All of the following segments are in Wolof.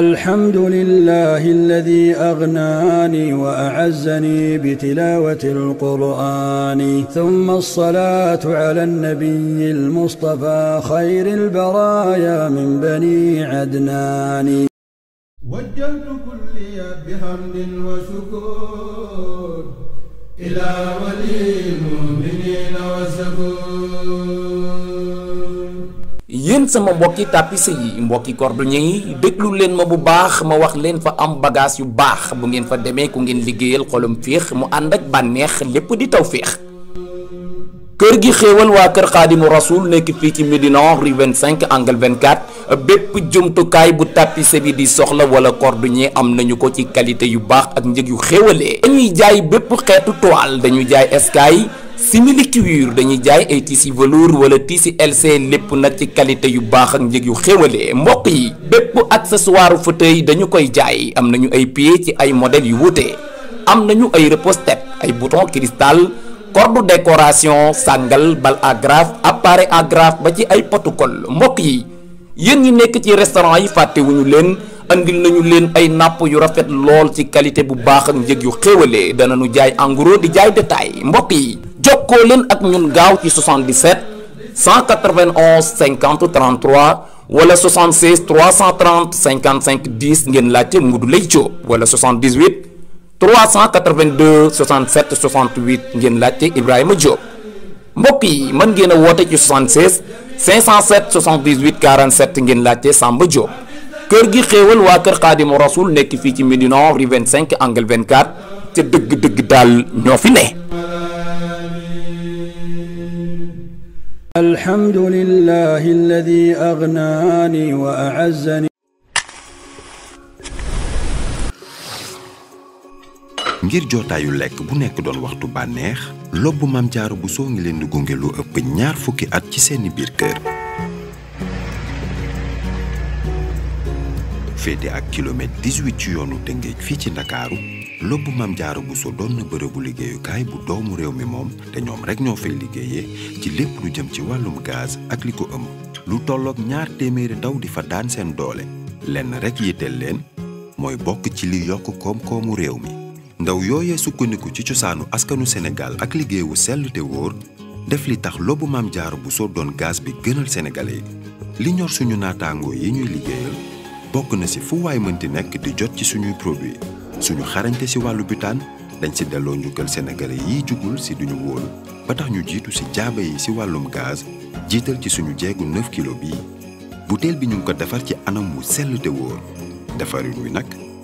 الحمد لله الذي أغناني وأعزني بتلاوة القرآن ثم الصلاة على النبي المصطفى خير البرايا من بني عدنان وجهت كلي بحمد وشكر إلى ولي yéen sama mbokki tapis yi mbokki cordonnier yi déglu leen ma bu baax ma wax leen fa am bagage yu baax bu ngeen fa demee ku ngeen liggéeyal xolum féex mu ànd ak bànneex lépp di taw féex kër gi xéewal waa kër xaadimu rasul nekk fii ci Médina rue 25 angle 24 bépp jumtukaay bu tapissé bi di soxla wala cordonnier am nañu ko ci qualité yu baax ak njëg yu xéewalee dañuy jaay bépp xeetu toile dañu jaay eskay simili cuir dañuy jaay ay tissu velours wala tissu LC lépp nag ci qualité yu baax ak njëg yu xéwalee mbokk yi bépp accessoire fauteuil dañu koy jaay am nañu ay pie ci ay modèles yu wuute am nañu ay repose ay bouton cristal corde décoration sàngal bal agrafe appareil agrafe ba ci ay protocole mbokk yi yéen ñi nekk ci restaurant yi fàttewuñu leen andil nañu leen ay napp yu rafet lool ci qualité bu baax ak njëg yu xéwalee ñu jaay en gros di jaay détail mbokk yi jokkoo leen ak ñun gaaw ci 77 191 50 33 wala 76 330 55 10 ngeen laajte Modou Lay Diop wala 78 382 67 68 ngeen laajte Ibrahima Diop mbokk yi mën ngeen a woote ci 76 507 78 47 ngeen laajte Samba Diop kër gi xéewal waa kër Xaadimu Rasul nekk fii ci Médina rue 25 angle 24 ca dëgg-dëgg daal ñoo fi ne. alhamdulillahi alladi agnaani wa a'azzani ngir jotaayu lekk bu nekk doon waxtu bànneex lobbu Maam bu Buso ngi leen di gunge lu ëpp ñaar fukki at ci seeni biir kër féete ak kilomètre 18 ci yoonu Tëngéej fii ci Ndakaaru lobbu Maam Jaara Buso doon na bërëbu liggéeyukaay bu doomu réew mi moom te ñoom rek ñoo fay liggéeyee ci lépp lu jëm ci wàllum gaz ak li ko ëmb lu tollook ñaar téeméeri ndaw di fa daan seen doole lenn rek yitteel leen mooy bokk ci li yokk koom-koomu réew mi ndaw yooyee sukkandiku ci cosaanu askanu Sénégal ak liggéeyu sell te wóor def li tax lobu maam jaaru bu soo doon gaz bi gënal sénégalais yi li ñor suñu naataangoo yi ñuy liggéeyal bokk na si fu waay mënti nekk di jot ci suñuy produit suñu xarañte si wàllu butaan dañ si delloo njukkal sénégalais yiy jugul si duñu wóolu ba tax ñu jiitu si jaaba yi si wàllum gaz jiital ci suñu jeegu 9 kilo bii butéel bi ñu ngi ko defar ci anam wu sell te wóor defarin wi nag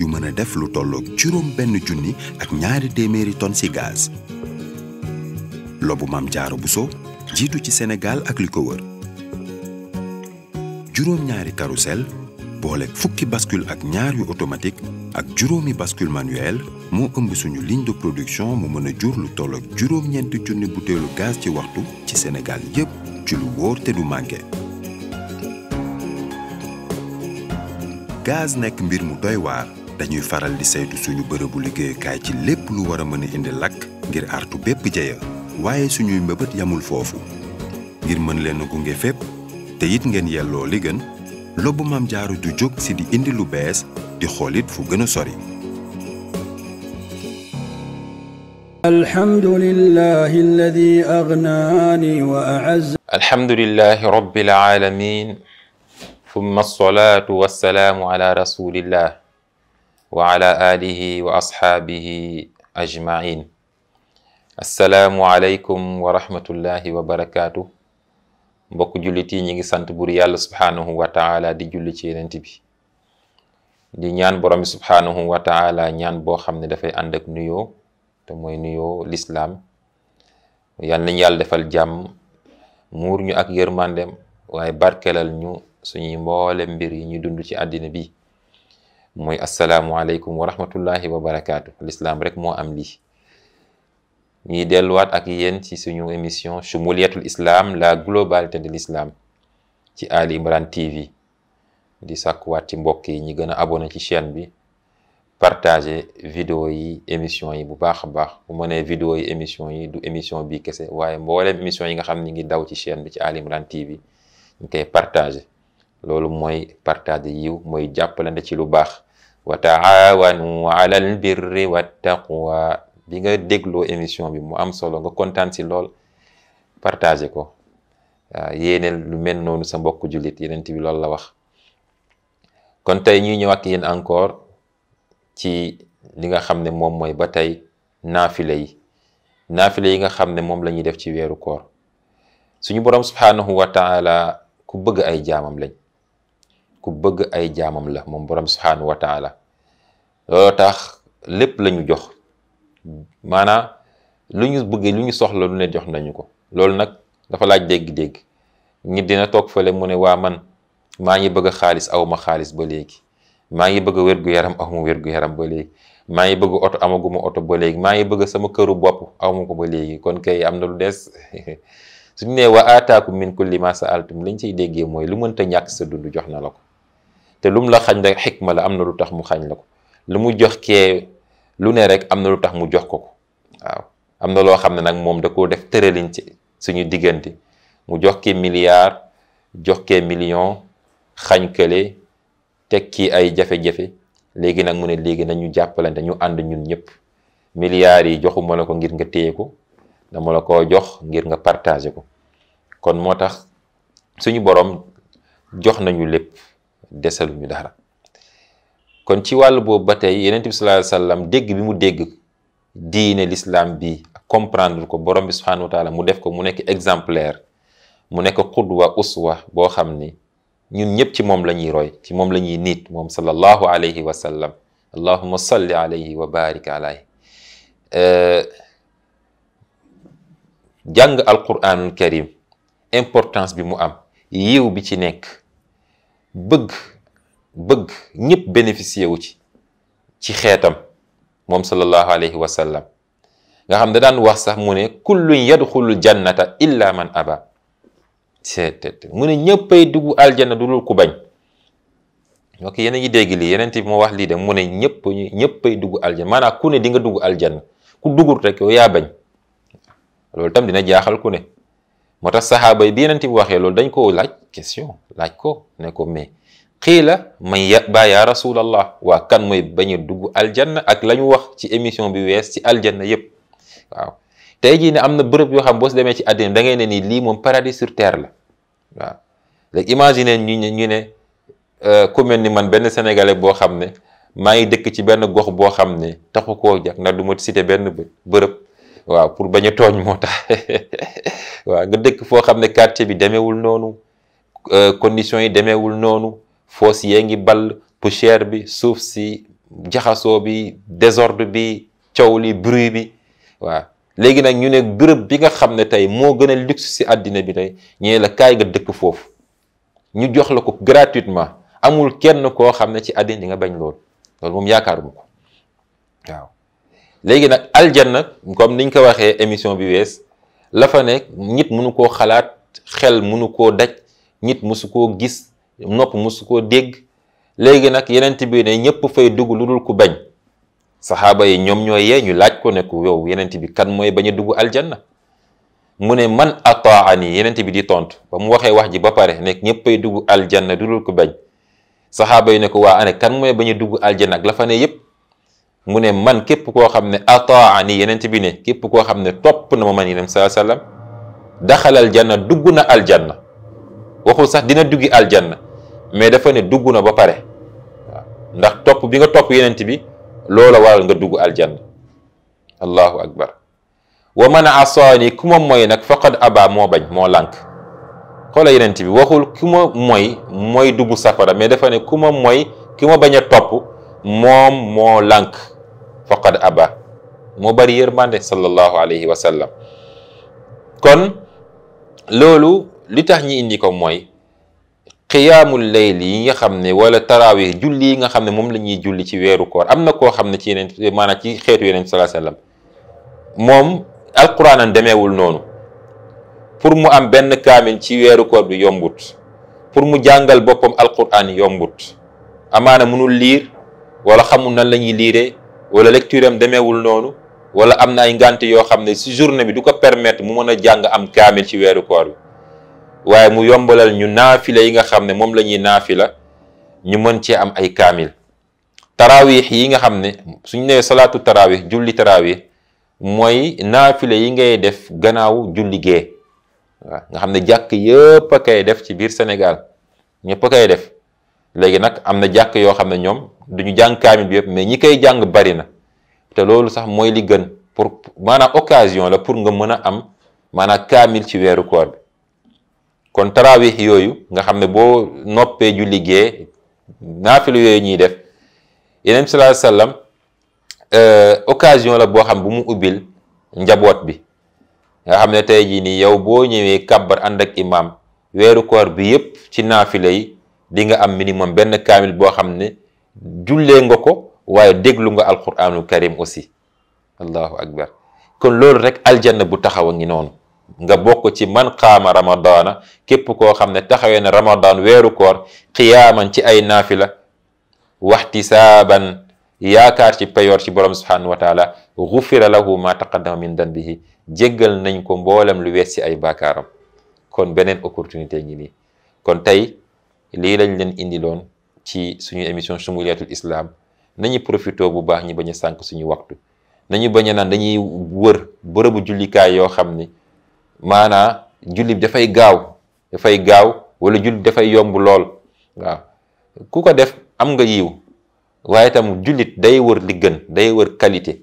yu mën a def lu tollook juróom benn junni ak ñaari téeméeri ton ci gaz. lobu jaaro bu Buso jiitu ci senegal ak li ko wër juróom ñaari carrousel boole fukki baskul ak ñaar yu automatique ak juróomi bascule manuel moo ëmb suñu ligne de production mu mën a jur lu tollook ak juróom-ñeenti junni butéelu gaz ci waxtu ci senegal yépp ci lu wóor te du manqué. gaz nekk mbir mu doy waar. dañuy faral di saytu suñu bërëbu liggéeyukaay ci lépp lu war a mën a indi lakk ngir artu bépp jeya waaye suñuy mbëbët yamul foofu ngir mën leen a gunge fépp te it ngeen yelloo li gën lobbu maam jaaru du jóg si di indi lu bees di xoolit fu gën a sori alhamdulillahi alladi agnaani wa aaz alhamdulillahi rabbil alamin thumma assalatu wassalaamu ala rasulillah wa ala alihi wa asxaabihi ajmain assalaamu aleykum wa rahmatullahi wa barakaatu mbokk jullit yi ñi ngi sant buur yàlla subhaanahu wa taala di julli ci yenent bi di ñaan borom bi subhaanahu wa taala ñaan boo xam ne dafay ànd nuyo nuyoo te mooy nuyoo lislaam yal nañ yàlla defal jàmm muur ñu ak yërmandem waaye barkelal ñu suñuy mboole mbir yi ñu dund ci àddina bi mooy asalaamualeykum wa rahmatullahi wa barakaatu l'islam rek moo am lii ñuy delluwaat ak yéen ci suñu émission shumuliyatul islam la globalité de l'islam ci Ali Imran TV di sàkkuwaat ci mbokk yi ñi gën a abonné ci chaîne bi partage vidéo yi émission yi bu baax a baax bu mënee vidéo yi émission yi du émission bi kese waaye mboole émission yi nga xam ñi ngi daw ci chaîne bi ci Ali Imran TV ñu koy loolu mooy partager yiw mooy jàppalante ci lu baax wa taawanu ala albirri wattaqwa bi nga déglo émission bi mu am solo nga kontaan si lool partagé ko waaw yéeneel lu mel noonu sa mbokk jullit yeneen bi loolu la wax kon tey ñuy ñëw ak yéen encore ci li nga xam ne moom mooy ba tey naafile yi yi nga xam ne moom la def ci weeru koor suñu borom subhanahu wa taala ku bëgg ay jaamam lañ ku bëgg ay jaamam la moom borom subhanahu wa taala looloo tax lépp lañu jox maanaam lu ñu bëgg lu ñu soxla lu ne jox nañu ko loolu nag dafa laaj dégg-dégg nit dina toog fa fële mu ne waa man maa ngi bëgg xaalis aw ma xaalis ba léegi maa ngi bëgg a yaram aw ma wér yaram ba léegi maa ngi bëgg oto amaguma oto ba léegi maa ngi bëgg sama këru bopp aw ma ko ba léegi kon kay am na lu des suñu ne wa aataakum min ku ma saaltum lañ ciy déggee mooy lu mënta ñàkk sa dund jox na la ko te lum la xañ rek xikma la am na lu tax mu xañ la ko lu mu jox kee lu ne rek am na lu tax mu jox ko ko waaw am na loo xam ne nag moom da koo def tëraliñ ci suñu diggante mu jox kee milliard jox kee million xañ kële teg kii ay jafe-jafe léegi nag mu ne léegi nañu jàppalante ñu ànd ñun ñëpp milliards yi joxuma la ko ngir nga téye ko dama la ko jox ngir nga partager ko kon moo tax suñu boroom jox nañu lépp desaluñu dara kon ci wàll boobu ba tey yenent bi sallallahu alayhi wasallam dégg bi mu dégg diine l'islam bi comprendre ko borom bi subhanahu wa mu def ko mu nekk exemplaire mu nekk qudwa uswa boo xam ni ñun ñëpp ci moom la ñuy roy ci moom la ñuy niit moom sallallahu alayhi wa sallam allahuma salli alayhi wa barik alayhi jàng alquranul karim importance bi mu am yiw bi ci nekk bëgg bëgg ñépp bénéficier wu ci ci xeetam moom sallallahu alayhi wa sallam nga xam da daan wax sax mu ne kullun yadxulul jannata illa man aba seet mu ne ñëppay dugg aljanna du dul ku bañ donc yéen a ngi dégg lii yeneen bi moo wax lii de mu ne ñëpp ñëppay dugg aljanna maanaam ku ne di nga dugg aljanna ku duggul rek yow yaa bañ loolu tam dina jaaxal ku ne moo tax saxaaba yi bi yeneen bi waxee loolu dañ koo laaj question laaj ko ne ko mais qiila man yabaa yaa rasulallah waa kan mooy bañ a dugg aljanna ak lañu wax ci émission bi wees ci aljanna yépp waaw tey jii ne am na bërëb yoo xam boo si demee ci àddina da ngay ne nii moom paradis sur terre la waaw léegi imagine ñu ne ñu ne euh, man benn sénégalais boo xam ne maa ngi dëkk ci benn gox boo xam ne taxu ko jag na du ma cité benn bërëb waaw pour bañ a tooñ moo tax nga dëkk foo xam ne quartier bi demeewul noonu euh, conditions yi demeewul noonu foos yee ngi ball poussière bi suuf si jaxasoo bi désorde bi coow li bruit bi waaw léegi nag ñu ne bërëb bi nga xam ne tey moo gën a luxe si àddina bi tey ñee la kaay nga dëkk foofu ñu jox la ko gratuitement amul kenn koo xam ne ci àddina di nga bañ lool loolu moom yaakaaruma ko waaw léegi nag aljanna comme niñ ko waxee émission bi wees la fa nekk nit mënu koo xalaat xel mënu koo daj nit mësu koo gis nopp mosu koo dégg léegi nag yenent bi ne ñëpp fay dugg lu dul ku bañ saxaaba yi ñoom ñoo yee ñu laaj ko ne ku yow yenent bi kan mooy bañ a dugg aljana mu ne man ataani yenent bi di tontu ba mu waxee wax ji ba pare ne ñëpp fay dugg aljanna lu dul ku bañ saxaaba yi ne ko waa ane kan mooy bañ dugg aljanna ak la fa ne yëpp mu ne man képp koo xam ne ataani yenent bi ne képp koo xam ne topp na ma man yeneen saa sallam daxal aljanna dugg na aljana waxul sax dina duggi aljanna mais dafa ne dugg na ba pare ndax topp bi nga topp yenent bi loola waral nga dugg aljanna allahu akbar wa man asaani ku ma mooy nag faqad aba moo bañ moo lànk xoola bi waxul ku ma mooy mooy dugg safara mais dafa ku ma mooy ki bañ a topp moom moo lànk faqad aba moo bari yërmande sallallahu alayhi wa sallam kon loolu li tax ñi indi ko mooy xiyaamul layl yi nga xam ne wala tarawih julli yi nga xam ne moom la ñuy julli ci weeru koor am na koo xam ne ci yeneen maanaam ci xeetu yeneen salaa sallam moom alquran an demeewul noonu pour mu am benn kaamil ci weeru koor bi yombut pour mu jàngal boppam alquran yombut amaana mënul liir wala xamul na la ñuy liiree wala lecture am demeewul noonu wala am na ay ngànt yoo xam ne si journée bi du ko permettre mu mën a jàng am kaamil ci weeru koor waaye mu yombalal ñu naafila yi nga xam ne moom la ñuy naafila ñu mën cee am ay kaamil taraawix yi nga xam ne suñ nee salaatu taraawix julli taraawix mooy naafila yi ngay def gannaaw julli gee waaw nga xam ne jàkk yëpp a koy def ci biir Sénégal ñëpp a koy def léegi nag am na jàkk yoo xam ne ñoom duñu jàng kaamil bi yëpp mais ñi koy jàng bari na te loolu sax mooy li gën pour maanaam occasion la pour nga mën a am maanaam kaamil ci weeru koor bi kon tarawih yooyu nga xam ne boo noppee ju liggéey naafilu yooyu ñuy def yeneen bi sallallahu euh, occasion la boo xam bu mu ubbil njaboot bi nga xam ne tey jii ni yow boo ñëwee kàbbar ànd ak imaam weeru koor bi yëpp ci naafile yi di nga am minimum benn kaamil boo xam ne jullee nga ko waaye déglu nga alquranul karim aussi allahu akbar kon loolu rek aljanna bu taxaw a ngi noonu nga bokk ci man qaama ramadaana képp koo xam ne taxawee na ramadaan weeru koor qiyaaman ci ay naafila waxtisaaban yaakaar ci payoor ci borom subhanahu wa taala gufira lahu ma taqaddama min danbihi jéggal nañ ko mboolem lu wees ci ay baakaaram kon beneen opportunité ngi nii kon tey lii lañ leen indiloon ci suñu émission shumuliyatul islaam nañu profité bu baax ñi bañ a sànq suñu waxtu nañu bañ a naan dañuy wër bërëbu jullikaay yoo xam ni maanaa jullit dafay gaaw dafay gaaw wala julli dafay yomb lool waaw ku ko def am nga yiw waaye itam jullit day wër li gën day wër qualité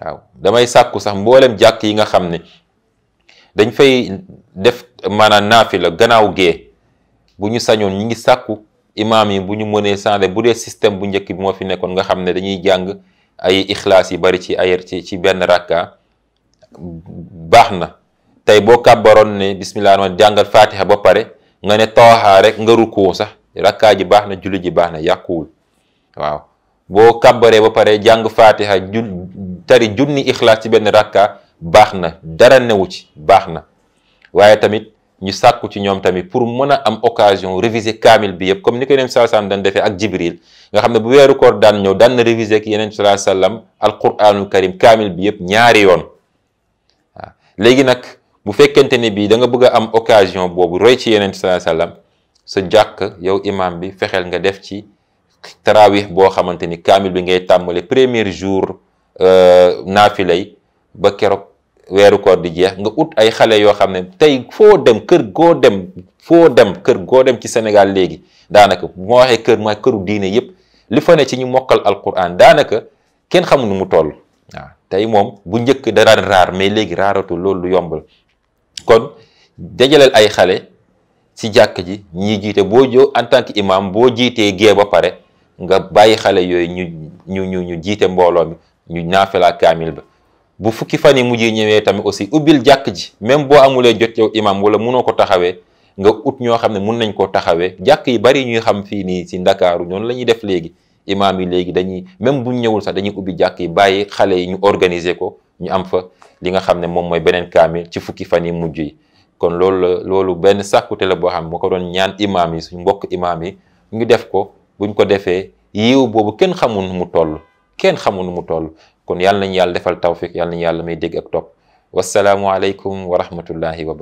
waaw damay sàkku sax mboolem jàkk yi nga xam ne dañ fay def maanaam naafila gannaaw gee bu ñu sañoon ñu ngi sàkku imaam yi bu ñu mënee changé bu dee système bu njëkk bi moo fi nekkoon nga xam ne dañuy jàng ay ixlaas yi bari ci ayer ci benn rakka baax na tey boo kàbbaroon ne bismillah rahmaan jàngal fatiha ba pare nga ne taaha rek nga rukkoo sax rakkaa ji baax na julli ji baax na yàquwul waaw boo kàbbaree ba pare jàng fatiha jul tari junni ixlaas ci benn rakka baax na dara newu ci baax na waaye tamit ñu sàkku ci ñoom tamit pour mën a am occasion réviser kaamil bi yëpp comme ni ko yeneen saa sallam daan defee ak jibril nga xam ne bu weeru koor daan ñëw daan na réviser ak yeneen saa sallam alquranul karim kaamil bi yëpp ñaari yoon bu fekkente ne bii da nga bëgg a am occasion boobu roy ci yeneen sallallahu alayhi sa jàkk yow imaam bi fexeel nga def ci tarawih boo xamante ni kaamil bi ngay tàmbale premier jour euh, naafilay ba keroog weeru koor di jeex nga ut ay xale yoo xam ne tey foo dem kër goo dem foo dem kër goo dem ci Sénégal léegi daanaka moo waxee kër mooy këru diine yépp li fa ne ci ñu mokkal alquran daanaka kenn xamul nu mu toll waaw tey moom bu njëkk da daan raar mais léegi raaratul loolu lu yombal kon dajaleel ay xale ci jàkk ji ñi jiite boo jo en tant que imam boo jiitee gee ba pare nga bàyyi xale yooyu ñu ñu ñu ñu jiite mbooloo mi ñu naafela kaamil ba bu fukki fan yi mujj ñëwee tamit aussi ubbil jàkk ji même boo amulee jot yow imam wala munoo ko taxawee nga ut ñoo xam ne mun nañ koo taxawee jàkk yi bari ñuy xam fii nii si Ndakaaru noonu la ñuy def léegi imaam yi léegi dañuy même buñ ñëwul sax dañuy ubbi jàkk yi bàyyi xale yi ñu organiser ko ñu am fa li nga xam ne moom mooy beneen kaamil ci fukki fan yi mujj yi kon loolu la loolu benn sàkkute la boo xam ne moo ko doon ñaan imaam yi suñu mbokk imaam yi ñu def ko buñ ko defee yiw boobu kenn xamul nu mu toll kenn xamul nu mu toll kon yàlla nañu yàlla defal tawfiq yàlla ñu yàlla may dégg ak topp wassalaamu aleykum wa rahmatullahi wa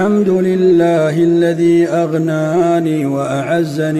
الحمد لله الذي أغناني وأعزني